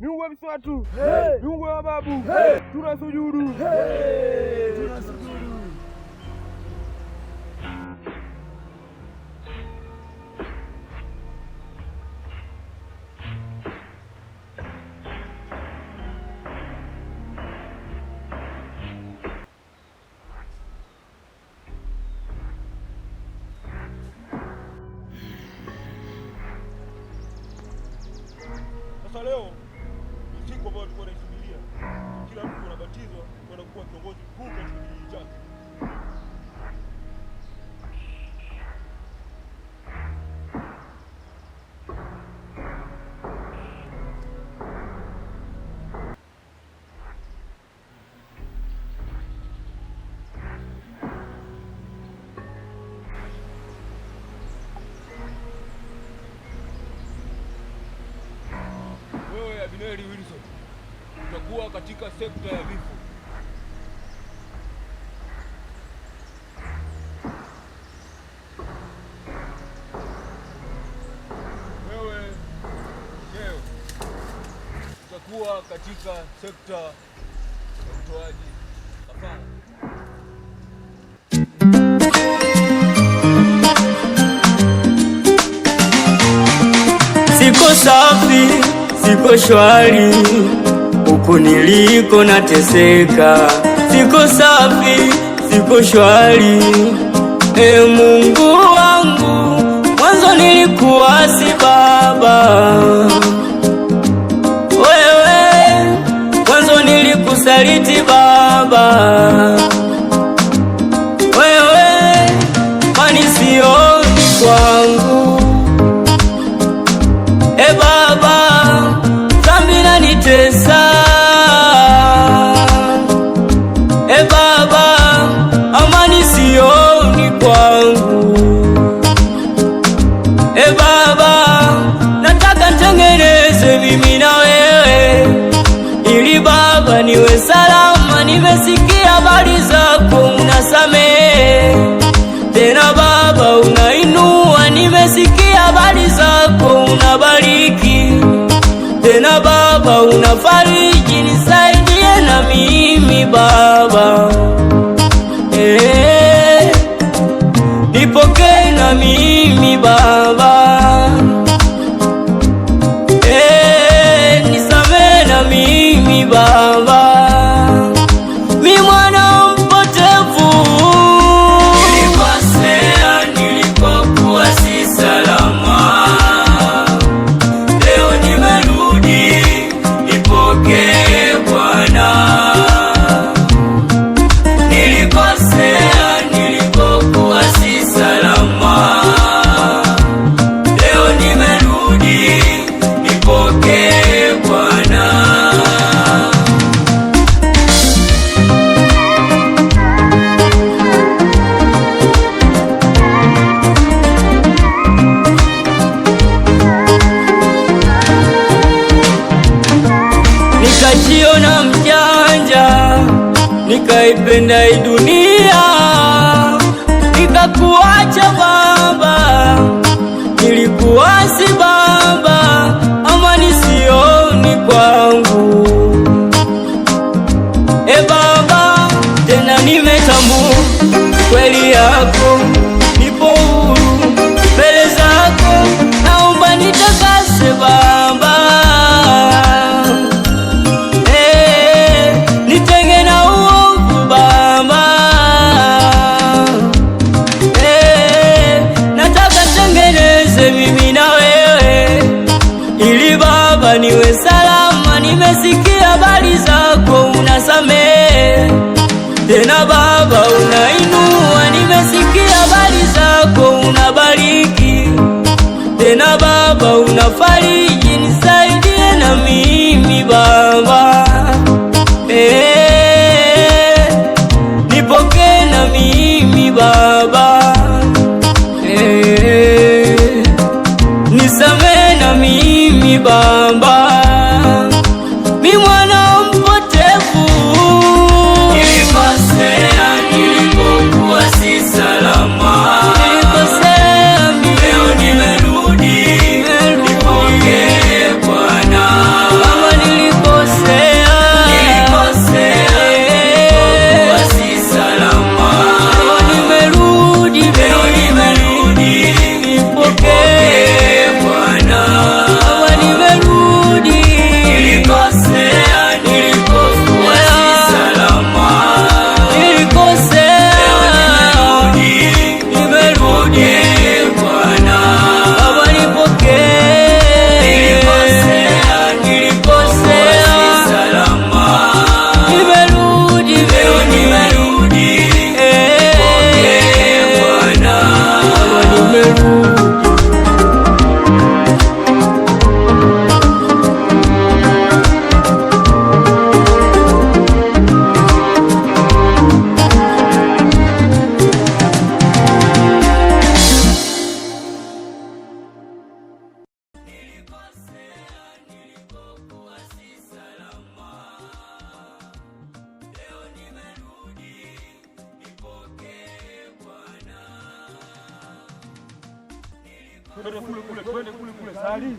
Miungu ya Mswatu, hey! Miungu ya mababu, Tunasujudu. Sasa leo kingo ambao alikuwa anaisubiria. Kila mtu anabatizwa kwenda kuwa kiongozi mkuu katika kijiji chake. Wewe Abineri utakuwa katika sekta ya vifo. Wewe katika sekta ya utoaji kafara. Siko safi, siko shwari hapo niliko nateseka, siko safi, siko shwari. E Mungu wangu, mwanzo si Baba, wewe mwanzo nilikusaliti Baba niwe salama, nimesikia habari zako, unasamehe tena Baba, unainua, nimesikia habari zako, unabariki tena Baba, unafariji, nisaidie na mimi Baba. nikaipenda hii dunia, nikakuacha Baba, nilikuwa si Baba, amani sioni kwangu. E Baba, tena nimetambua kweli yako Baba, unainua, nimesikia habari zako, unabariki tena Baba, unafariji, nisaidie na mimi Baba eh, nipokee na mimi Baba Twende kule kule, twende kule kule, sali.